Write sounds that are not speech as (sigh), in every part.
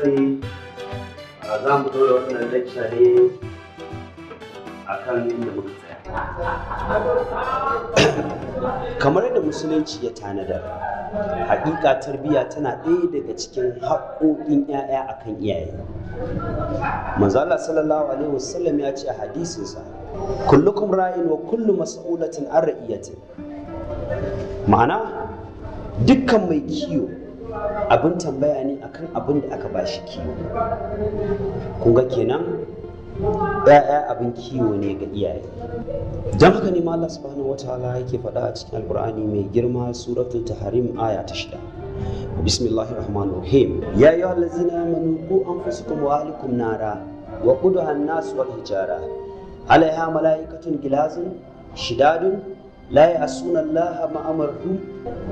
sani za mu wannan lecture ne a kan inda muka tsaya. Kamar da Musulunci ya tanada, haƙiƙa tarbiyya tana ɗaya daga cikin haƙoƙin 'ya'ya a kan iyaye. Manzala sallallahu alaihi wasallam ya ce a hadisinsa, kullukum ra'in wa kullu mas'ulatin an ra'iyatin. Ma'ana, dukkan mai kiyo abin tambaya ne akan abin da aka ba shi kiwo kun ga kenan ya'ya abin kiwo ne ga iyaye don haka ne Allah subhanahu wa ta'ala yake faɗa a cikin alkur'ani mai girma suratul taharim aya ta shida bismillahir rahmanir rahim ya ayyuhal ladzina amanu qu anfusakum wa ahlikum nara wa kudu an wal hijara alaiha malaikatun gilazin shidadun la a allaha Laha amaruhum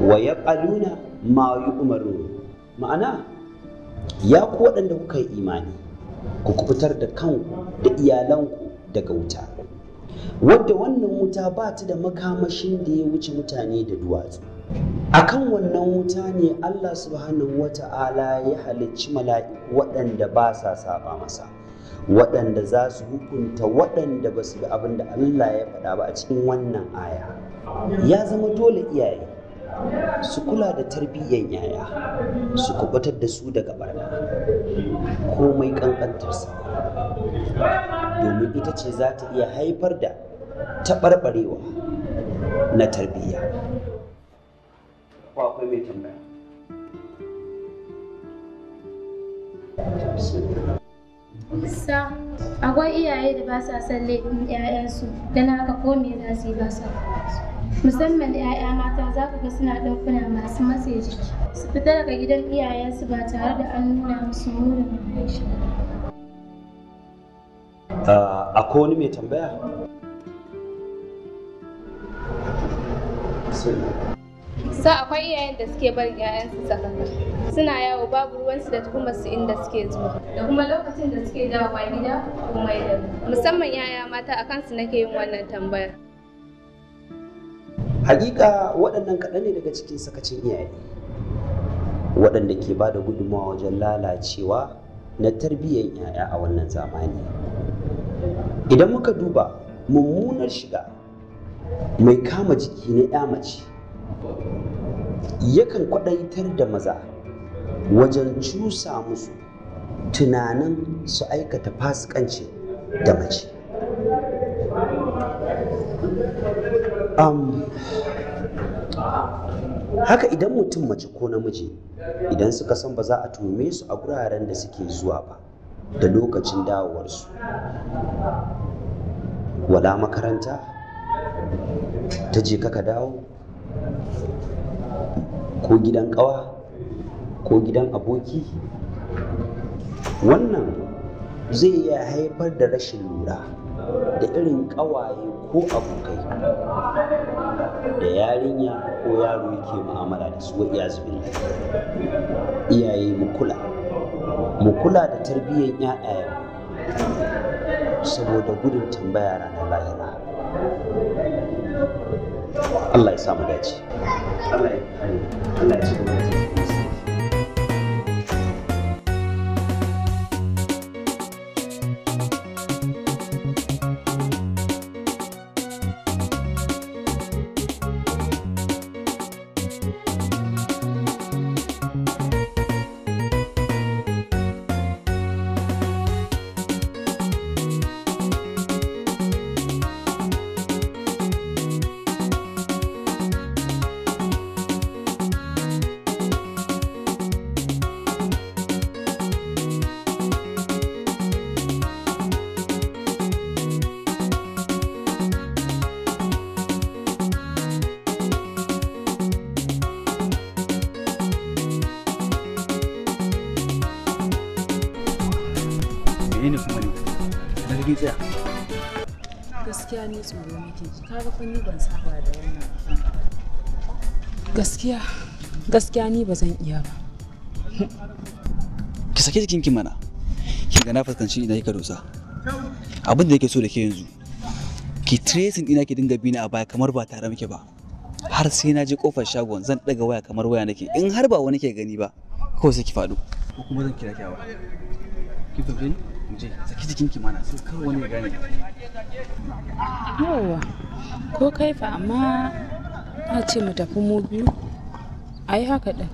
wa yaf'aluna ma yu'marun ma'ana ya ku waɗanda kuka yi imani ku kubutar da kanku da iyalanku daga wuta wadda wannan wuta ba ta da makamashin da ya wuce mutane da duwatsu akan wannan wuta ne Allah subhanahu wata'ala ya halicci mala'iku waɗanda ba sa saba masa waɗanda za su hukunta waɗanda ba su bi abin da Allah ya faɗa ba a cikin wannan aya ya zama dole iyaye su kula da tarbiyyar yaya su kubutar da su daga barna komai kankantarsa domin ita ce za ta iya haifar da taɓarɓarewa na tarbiyya akwai mai tambaya sa akwai iyaye da ba sa son laifin 'ya'yansu don haka ko me za su yi ba sa musamman da 'ya'ya mata za ku ga suna ɗaukuna masu matse jiki su fita daga gidan iyayensu ba tare da an nuna musu murin a ah, akwai wani mai tambaya sa akwai iyayen da suke bar 'ya'yansu sakaka suna yawo babu ruwansu da kuma su inda suke zuwa da kuma lokacin da suke dawowa gida kuma da musamman 'ya'ya mata akan su nake yin wannan tambaya hakika waɗannan kaɗan ne daga cikin sakacin iyaye waɗanda ke ba da gudunmawa wajen lalacewa na tarbiyyar 'ya'ya a wannan zamani idan muka duba mummunar shiga mai kama jiki na 'ya mace yakan kwaɗaitar da maza wajen cusa musu tunanin su aikata fasikanci da mace haka idan mutum mace ko namiji idan suka san ba za a tume su a guraren da suke zuwa ba da lokacin dawowarsu wala makaranta ta je kaka dawo ko gidan kawa ko gidan aboki wannan zai iya haifar da rashin lura da irin ƙawaye ko abokai da yarinya ko yaro yake mu'amala da su wa'iya zubin iyaye mu kula mu kula da tarbiyyar yaya saboda gudun tambaya ranar lahira Allah ya samu dace Allah ya ci gaba kaga fa ni ban saba da wannan gaskiya gaskiya ni ba zan iya ba ki saki jikinki mana ki ga na fuskanci idan kika dosa abin da yake so da ke yanzu ki tracing ina ki dinga bina a baya kamar ba tare muke ba har sai na je kofar shagon zan daga waya kamar waya nake in har ba wani ke gani ba ko sai ki faɗo ko kuma zan kira ki a waya ki fahimci je saki jikinki mana sai kawai wani ya gane ko kaifa amma na ce mu tafi mu biyu a yi haka ɗin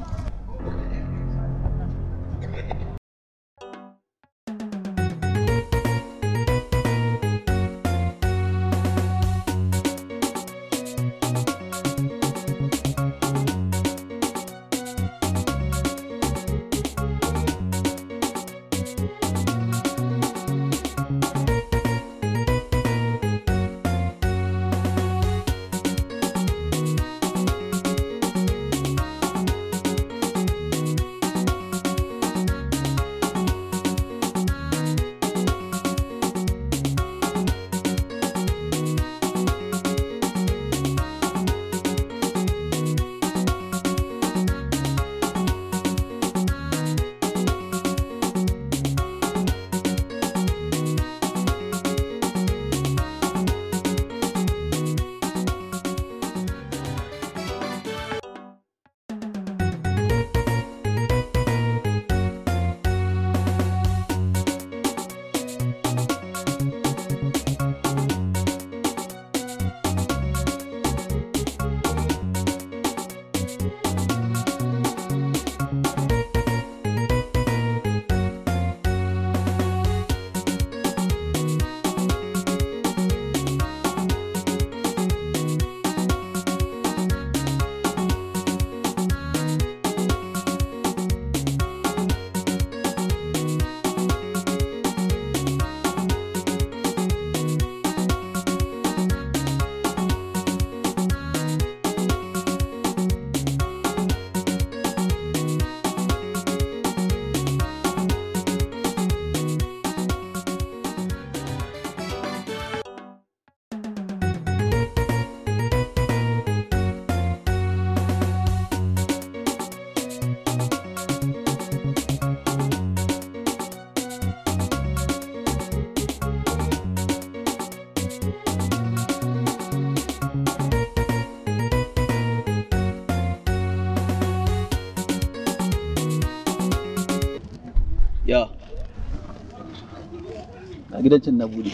gidan can na bude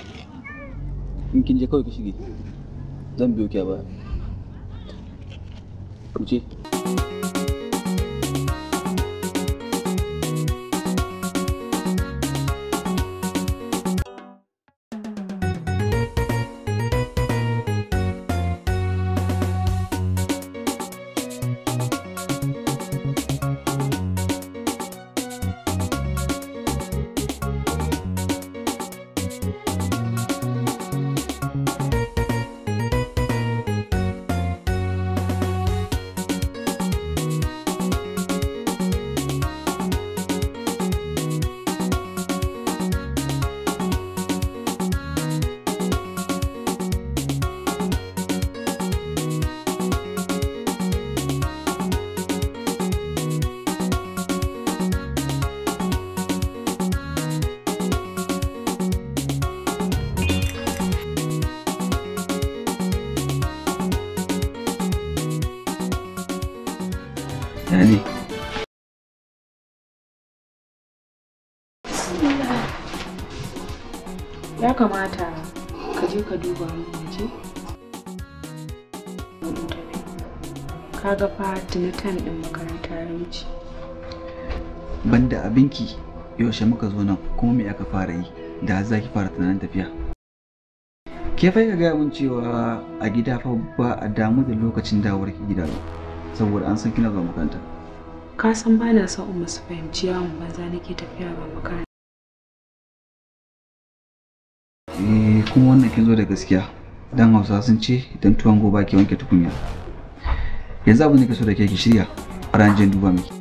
in kin je kawai ka shige zan biyo ki a baya kaga fa tuni tan din makaranta ya banda abinki yaushe muka zo nan kuma me aka fara yi da za ki fara tunanin tafiya ke fa ka gaya mun cewa a gida fa ba a damu da lokacin dawowar ki gida ba saboda an san kina zuwa makaranta ka san ba na son umma su fahimci yawon banza nake tafiya ba makaranta eh kuma wannan kin zo da gaskiya dan hausa sun ce dan tuwon gobe ke wanke tukunya yanzu abin da ke so da ke ki shirya a ran duba miki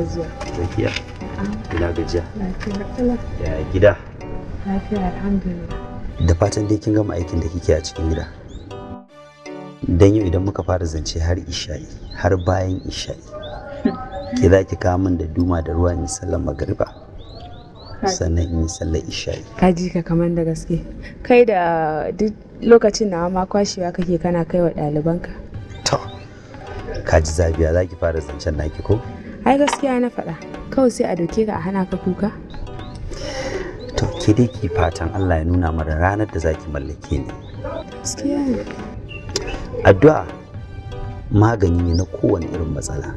fara zuwa. Ah. Ina gajiya. Lafiya Ya gida. Da fatan dai kin gama aikin da kike a cikin gida. Dan yau idan muka fara zance har isha'i har bayan isha'i. (laughs) Ke za ki kawo min da duma da ruwa in sallar magariba. Sannan in yi sallar isha'i. Ka ka kaman da gaske. Kai da duk lokacin nawa ma kwashewa kake kana kai wa ɗalibanka. To, ka ji zabiya za ki fara zancen naki ko? ai gaskiya na faɗa kawai sai a doke ka a hana ka kuka to ke dai ki fatan Allah ya nuna mara ranar da zaki mallake ni gaskiya addu'a magani ne na kowane irin matsala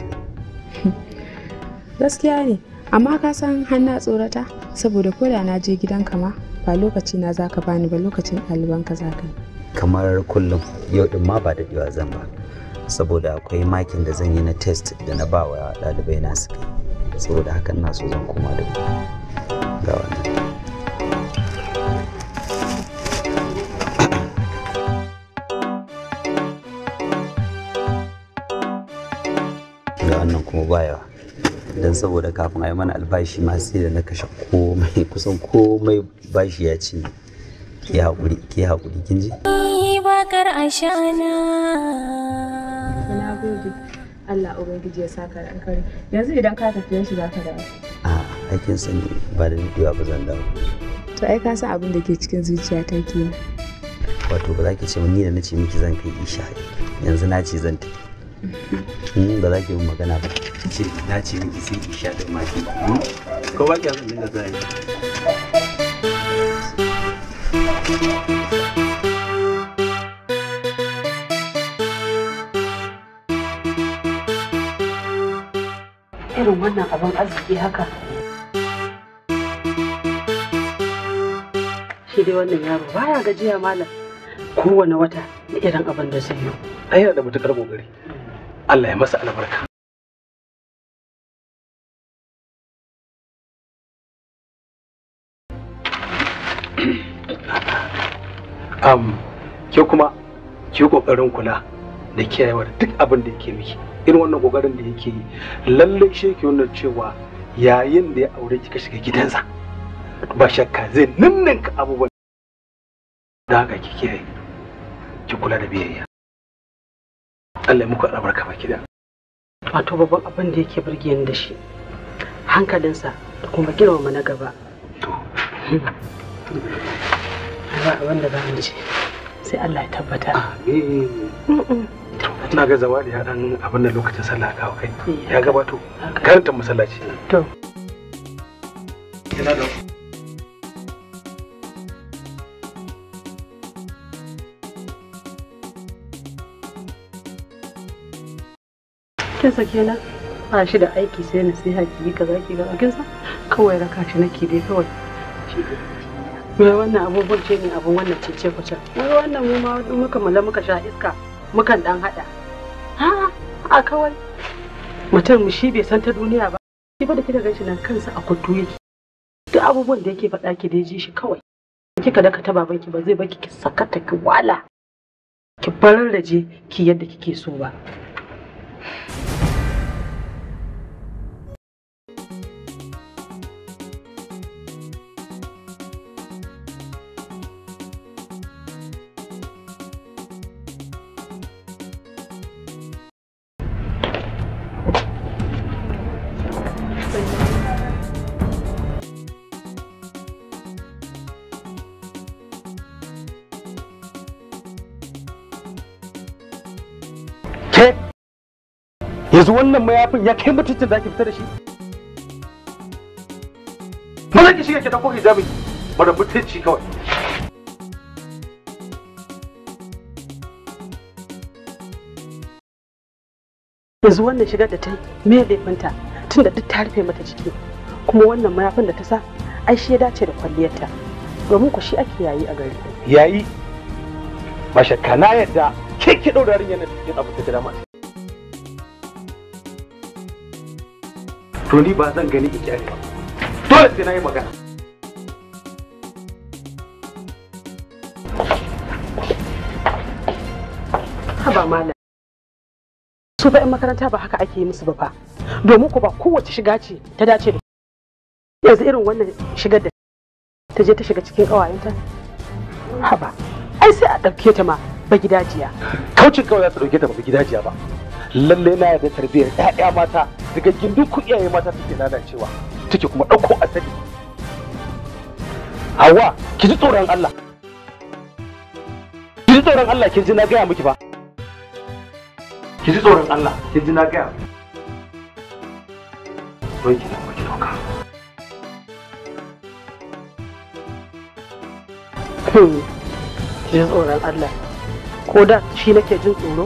(laughs) gaskiya ne amma ka san hanna tsorata saboda koda na je gidanka ma ba lokaci na zaka bani ba lokacin ɗalibanka zaka yi kamar kullum yau din ma ba dadewa zan ba saboda akwai makin da zan yi na test da na bawa ɗalibai na suka saboda hakan na so zan koma da ga wannan da wannan kuma bayawa don saboda kafin a yi mana albashi ma sai da na kashe komai kusan komai bashi ya ci ya haƙuri ki haƙuri kin ji wutar ashana na gode Allah ubangiji ya saka da kare yanzu idan ka tafi yanzu zaka dawo a aikin sani ba da daɗewa ba zan dawo to ai ka san abin da ke cikin zuciya ta ke wato ba za ki ce ni da na ce miki zan kai isha yanzu na ce zan tafi Mun hmm, ba za ki yi magana ba ce na ce miki sai isha da maki hmm? ko ba ki yanzu dinga zai Thank you. wannan abin arziki haka shi dai wannan yaro baya gajiya malam kowane wata da irin abin da zai yi ai yana da matukar kokari Allah ya masa albarka um, ke kuma ke kokarin kula da kiyayewar duk abin da yake miki irin wannan kokarin da yake yi lallai shi yake wannan cewa yayin da ya aure kika shiga gidansa ba shakka zai ninninka abubuwan da haka ki kiyaye ki kula da biyayya Allah muku albarka baki da wato babban abin da yake burge ni da shi hankalinsa da kuma girmama na gaba to ba abin da za mu ce sai Allah ya tabbata amin suna ga zawali ya dan abin da lokacin sallah ka kai eh, ya gabato karanta masallaci to ina da kin kenan ba shi da aiki sai na sai haki kaza ki ga kin sa kawai raka shi nake dai kawai shi wai wannan abubuwan ce ne abin wannan cece kuce wai wannan mu ma muka mala muka sha iska mukan dan hada A kawai mutum shi bai san ta duniya ba shi ba da kika ganshi nan kansa a kudu yake duk abubuwan da yake faɗa ki da ji shi kawai kika daka ta babanki ba zai baki ki sakata ki wala ki barar da je ki yadda kike so ba yanzu wannan mayafin ya kai mutuncin da ake fita da shi maza ki shiga ki dauko hijabi mara mutunci kawai yanzu wannan shigar da ta yi me laifinta tunda duk ta rufe mata ciki, kuma wannan mayafin da ta sa ai shi ya dace da kwalliyarta domin ku shi ake yayi a gari yayi ba shakka na yadda ke ki daura da cikin abu ta gida ma to ni ba zan gani in kyale ba dole sai na yi magana haba mala su fa makaranta ba haka ake yi musu ba fa domin ku ba kowace shiga ce ta dace da yanzu irin wannan shigar da ta je ta shiga cikin ƙawayenta haba ai sai a ɗauke ta ma ba gidajiya kaucin kawai za ta ɗauke ta ba gidajiya ba lalle na yarda tarbiyyar ƴaƴa mata daga gindin ku iyaye mata take lalacewa take kuma ɗauko asali hawa ki ji tsoron Allah ki ji tsoron Allah ki ji na gaya miki ba ki ji tsoron Allah ki ji na gaya miki wai ki ku ki doka hmm. ki ji tsoron Allah ko da shi nake jin tsoro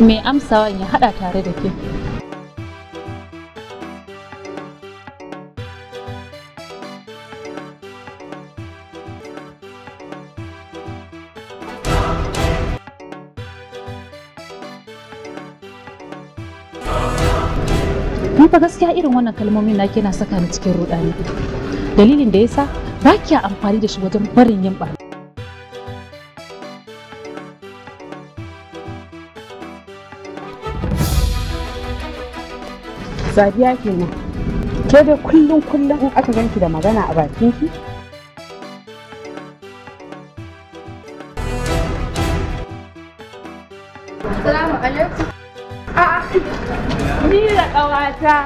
mai amsawa ya haɗa tare da ke. Ni gaskiya irin wannan kalmomin na ke na saka ni cikin rudani. Dalilin da yasa ba kya amfani da shi wajen barin yin ba. Sadiya kenan. Ke dai kullum kullum in aka ganki da magana a bakin ki? Assalamu alaikum. A'a, ni da ƙawata.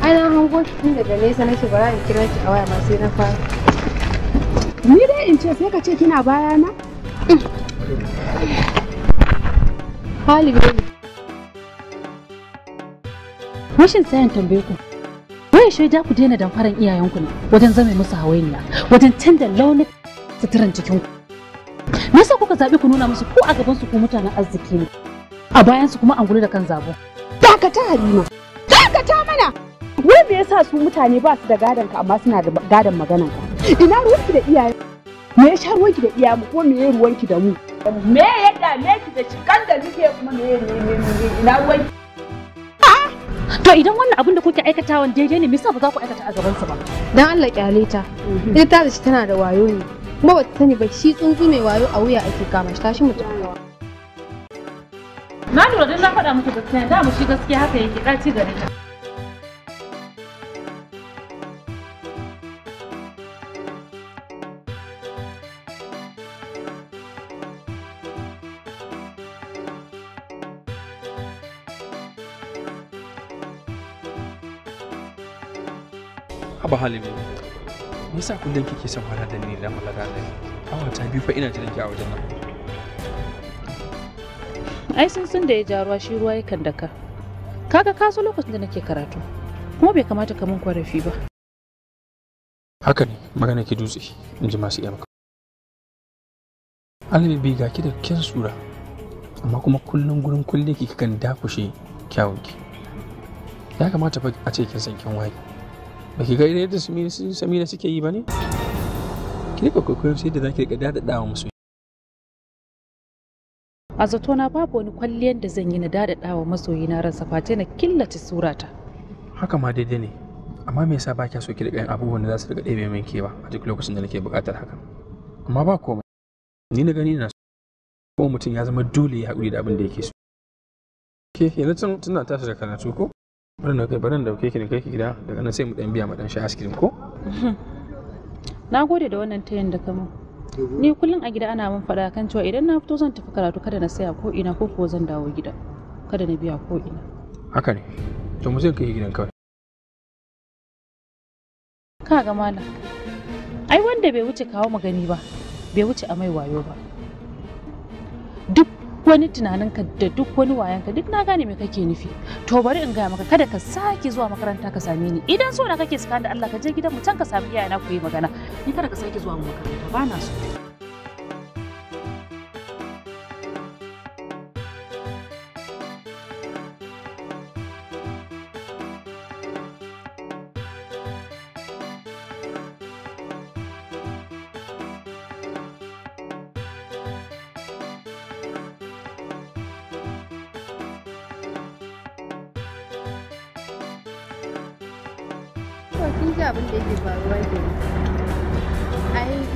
Ana hango ki tun daga nesa nake bara in kira ki a waya ma sai na fara. Ni dai in ce sai ka ce kina bayana? Mm. Halibi. Rashin tsayin tambaye ku. Wai da ku daina damfaran iyayenku ne wajen zame musu hawainiya, wajen canza launin suturan jikinku. Me yasa kuka zaɓi ku nuna musu ko a gaban su ku mutanen arziki ne? A bayan su kuma an da kan zabo. Dakata Halima. Dakata mana. Wai me yasa su mutane ba su da gadon ka amma suna da gadon maganan ka? Ina ruwanki da iyaye? Me ya sha ruwanki da iyaye ko me ya ruwanki da mu? Me ya dame ki da cikan da nike kuma me ya ina ruwanki? To idan wannan abin da kuke aikatawan daidai ne, misa ba za ku aikata a gaban ba? Dan Allah kyale ta. Mhm. Ita ta da tana da wayo ne. Kuma ba ta sani ba shi tsuntsu mai wayo a wuya ake kama shi tashi mutum. Na lura dan na faɗa muku gaskiya, da mu shi gaskiya haka yake ɗaci gare ta. haba halime me yasa kullum kike son fara da ni da malaka ne awa ta biyu fa ina jiran ki a wajen nan ai sun sun da ya ja ruwa shi ruwa yakan daka kaga ka so lokacin da nake karatu kuma bai kamata ka mun kwarafi ba haka ne magana ki dutse in ji masu iya maka alibi ga ki da kyan sura amma kuma kullum gurin kulle ki kan dakushe kyawunki ya kamata fa a ce kin san kin ba ki ga yadda Samina suke yi ba ne ki rika kwaikwayon sai da zaki ki rika daɗaɗa musu a zato na babu wani kwalliyar da zan yi na dawo masoyi na rasa face na killace surata haka ma daidai ne amma me yasa ba kya so ki rika yin abubuwan da za su rika ɗebe min kewa a duk lokacin da nake buƙatar hakan amma ba komai ni na gani na so kuma mutum ya zama dole ya haƙuri da abin da yake so ke yanzu tana tashi da karatu ko bari na kai bari na dauke ki ne kai ki gida daga nan sai mu dan biya ma dan sha askirin ko (laughs) na gode da wannan tayin da kama ni kullum a gida ana min fada kan cewa idan na fito zan tafi karatu kada na saya ko ina ko ko zan dawo gida kada na biya ko ina haka ne to mu zai kai gidan kawai ka ga malam ai wanda bai wuce kawo magani ba bai wuce amai wayo ba duk wani tunaninka da duk wani wayanka duk na gane me kake nufi to bari in gaya maka kada ka sake zuwa makaranta ka same ni idan so na kake tsakanin da Allah ka je gidan mu can ka sami iyayena ku yi magana ni kada ka sake zuwa makaranta ba na so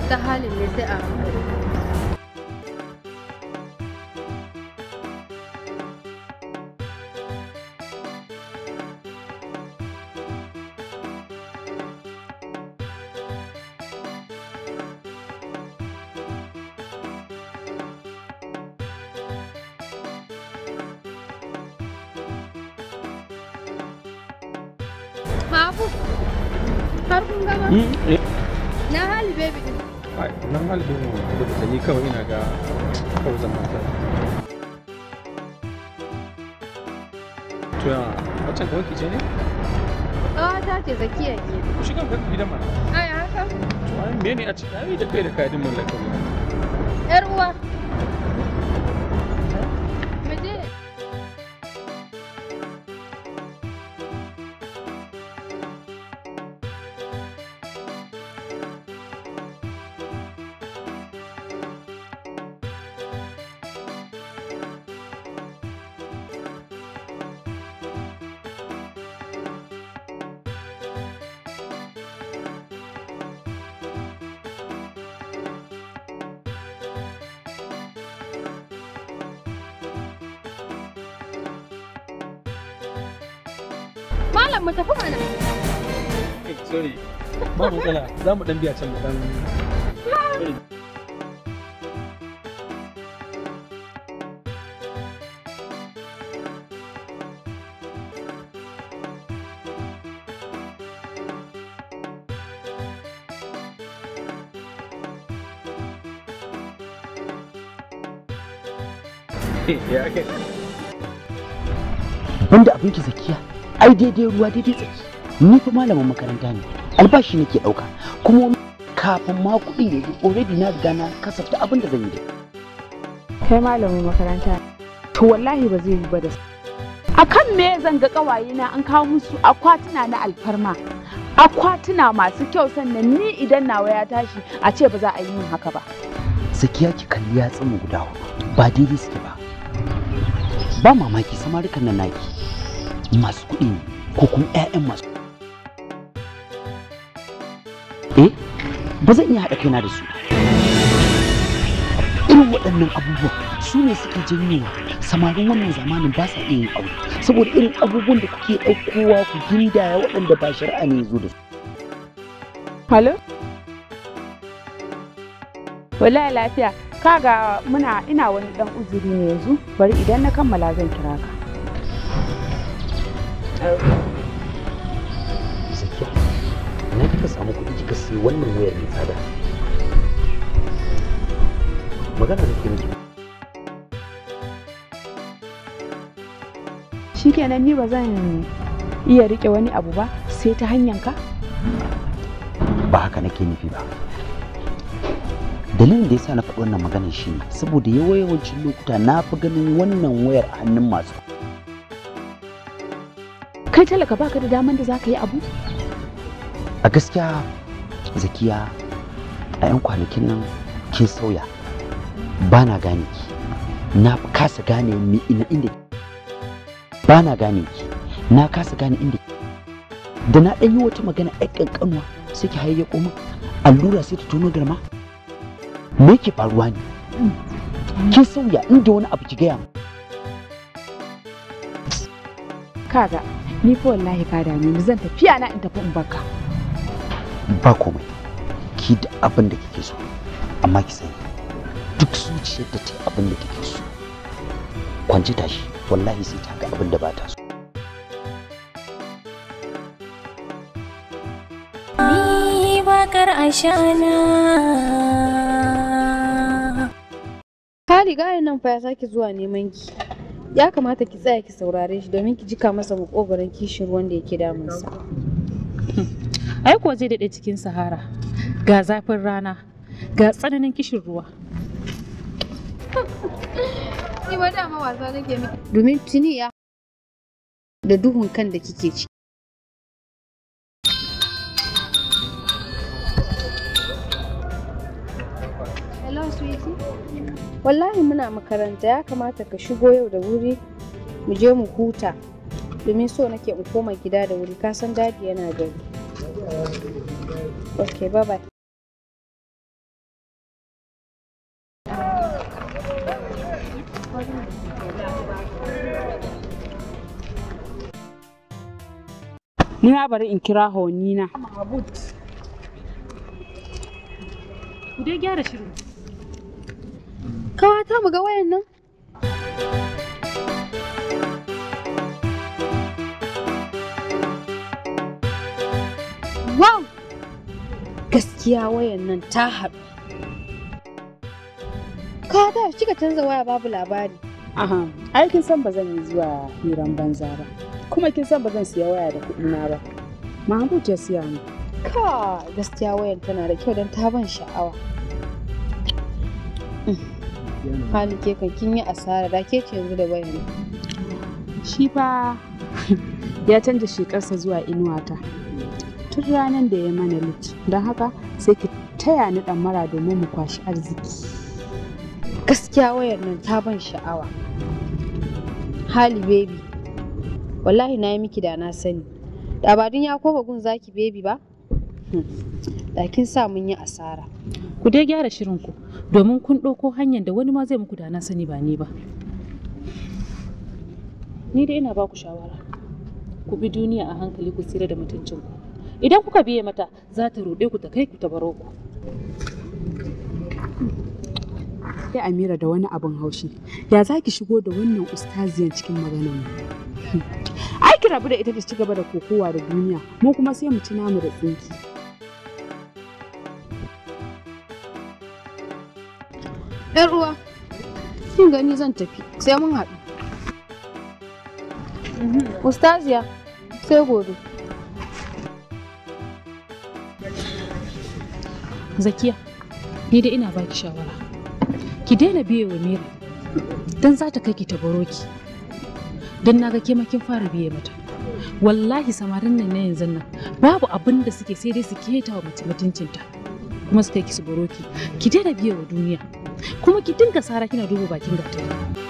وقتها للنساء ficar de moleque. Malam mu tafi mana. Eh, sorry. Ba matsala. Za mu dan biya can mu dan. Yeah, okay. abin ki ai daidai ruwa daidai tsaki ni fa malamin makaranta ne albashi nake ɗauka kuma kafin ma kuɗi ne already na riga na kasafta abin da zan yi kai malamin makaranta to wallahi ba zai yi ba da akan me zan ga kawaye na an kawo musu akwatuna na alfarma akwatuna masu kyau sannan ni idan nawa ya tashi a ce ba za a yi min haka ba sakiya ki kalli ya tsima guda ba daidai suke ba ba mamaki samarikan nan naki masu kuɗi ko kuma 'ya'yan masu eh ba zan iya haɗa kaina da su irin waɗannan abubuwa su ne suke janyo samarin wannan zamanin ba sa iya yin aure saboda irin abubuwan da kuke ɗaukowa ku gindaya waɗanda ba shari'a ne zo da su halo wallahi lafiya kaga muna ina wani dan uzuri ne yanzu bari idan na kammala zan kira ka zakiya na kika samu kuɗi kika sayi wannan wayar mai tsada magana da kinki shikenan ni ba zan iya rike wani abu ba sai ta hanyar ka ba haka nake nufi ba dalilin da yasa na faɗi wannan magana ne saboda yawancin lokuta na fi ganin wannan wayar a hannun masu kai talaka baka da daman da zaka yi abu a gaskiya zakiya a 'yan kwanakin nan kin sauya ba na gane ki na kasa gane mi ina inda ba na gane ki na kasa gane inda da na ɗan yi wata magana ɗan kankanwa sai ki haye koma allura sai ta tono garma me ke faruwa ne kin sauya inda wani abu ki gaya mu kaga ni fa wallahi ka dame ni zan tafi ana in tafi in barka ba komai ki da abin da kike so amma ki sani duk zuciyar da ta abin da kike so kwanci tashi wallahi sai ta ga abin da ba ta so ni bakar ashana ka riga nan fa ya sake zuwa neman ki ya kamata ki tsaya ki saurare shi domin ki jika masa makogoron kishin ruwan da yake damunsa hmm. ai kuwa zai daɗe cikin sahara ga zafin rana ga tsananin kishin ruwa ni ba dama wasa nake miki domin tuni ya da duhun kan da kike ciki. wallahi muna makaranta ya kamata ka shigo yau da wuri mu je mu huta domin so nake in koma gida da wuri ka san dadi yana gari ok bye bye ni ma bari in kira honina. Ku dai gyara shirin. Kawa ta ga wayan nan? Wow! Gaskiya wayan nan ta haɗu. Kawa ta kika canza waya babu labari. Aha, ai kin san ba zan yi zuwa hiran banza ba. Kuma kin san ba zan siya waya da kuɗina ba. Mahmud ya siya ni. Ka gaskiya wayan tana da kyau don ta ban sha'awa. Mm. hali ke kan kin yi asara da ke ce yanzu da bayani shi fa (laughs) ya canza shekarsa zuwa inuwa ta. tun ranar da ya mana lit don haka sai ki taya ni dan mara domin mu kwashi arziki gaskiya wayar nan ta ban sha'awa hali baby wallahi na yi miki da na sani da ba ya koba gun zaki baby ba hmm, da kin sa mun yi asara ku dai gyara shirin ku domin kun ɗauko hanyar da wani ma zai muku da na sani ba ni ba ni dai ina baku shawara ku bi duniya a hankali ku tsira da mutuncinku idan kuka biye mata za ta ruɗe ku ta kai ku ta baro ku sai Amira da wani abin haushi ya zaki shigo da wannan ustaziyan cikin maganar mu ai ki rabu da ita ki ci gaba da kokowa da duniya mu kuma sai mu ci namu da tsinki Yar uwa, kin gani zan tafi sai mun haɗu. Ustaziya, sai gobe. Zakiya, ni dai ina baki shawara. Ki daina biye wa Mira, don za ta kai ki ta ki. Don na ga ke fara biye mata. Wallahi samarin nan na yanzu nan babu abin da suke sai dai su keta wa mutuncinta kuma su kai ki su baro ki. Ki daina biye wa duniya. kuma ki dinga sara kina duba bakin gata